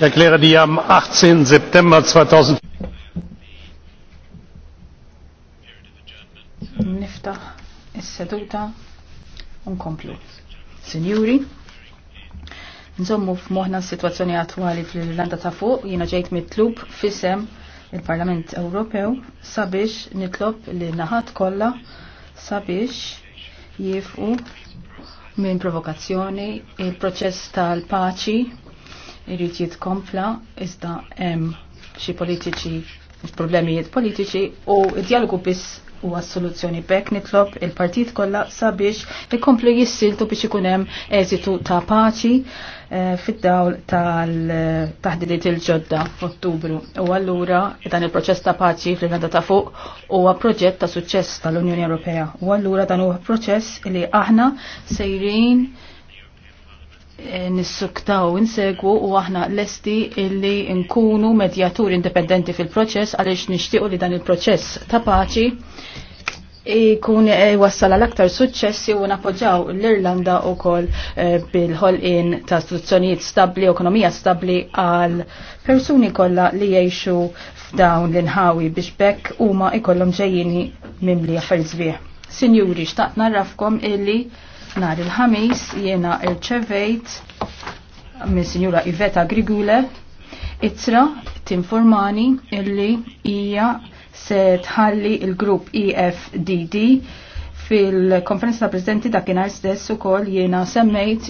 erkläre die am 18. September 2000. Niftaħ is-seduta unkomplu. Sinjuri, nżommu f'moħna s-situazzjoni attwali fl-Irlanda ta' fuq, jiena ġejt mitlub fisem il-Parlament Ewropew sabiex nitlob li naħat kollha sabiex jifqu minn provokazzjoni il-proċess tal-paċi irrid jitkompla iżda hemm xi politiċi problemijiet politiċi u d-dialogu biss u għas-soluzzjoni bekk nitlob il-partit kollha sabiex ikomplu jissiltu biex ikun hemm eżitu ta' paċi eh, fid-dawl tal-taħdidiet il-ġodda f'Ottubru. U allura dan il-proċess ta' paċi fl-Irlanda ta' fuq huwa proġett ta' suċċess tal-Unjoni Ewropea. U allura dan huwa proċess li aħna sejrin nissuktaw insegwu u aħna lesti illi nkunu medjatur indipendenti fil-proċess għaliex nixtiequ li dan il-proċess ta' paċi ikun eh, wassal l aktar suċċessi u napoġaw l-Irlanda u kol eh, bil-ħolqin ta' istituzzjonijiet stabli, ekonomija stabli għal persuni kollha li jgħixu f'dawn l-inħawi biex bekk huma ikollom ġejjini mimli affarijiet sbieħ. Sinjuri, xtaqt narrafkom illi nhar il-ħamis jiena irċevejt minn Sinjura Iveta Grigule, itra t-informani illi hija se tħalli il-grupp EFDD fil-konferenza ta' prezidenti dakinhar stess ukoll jiena semmejt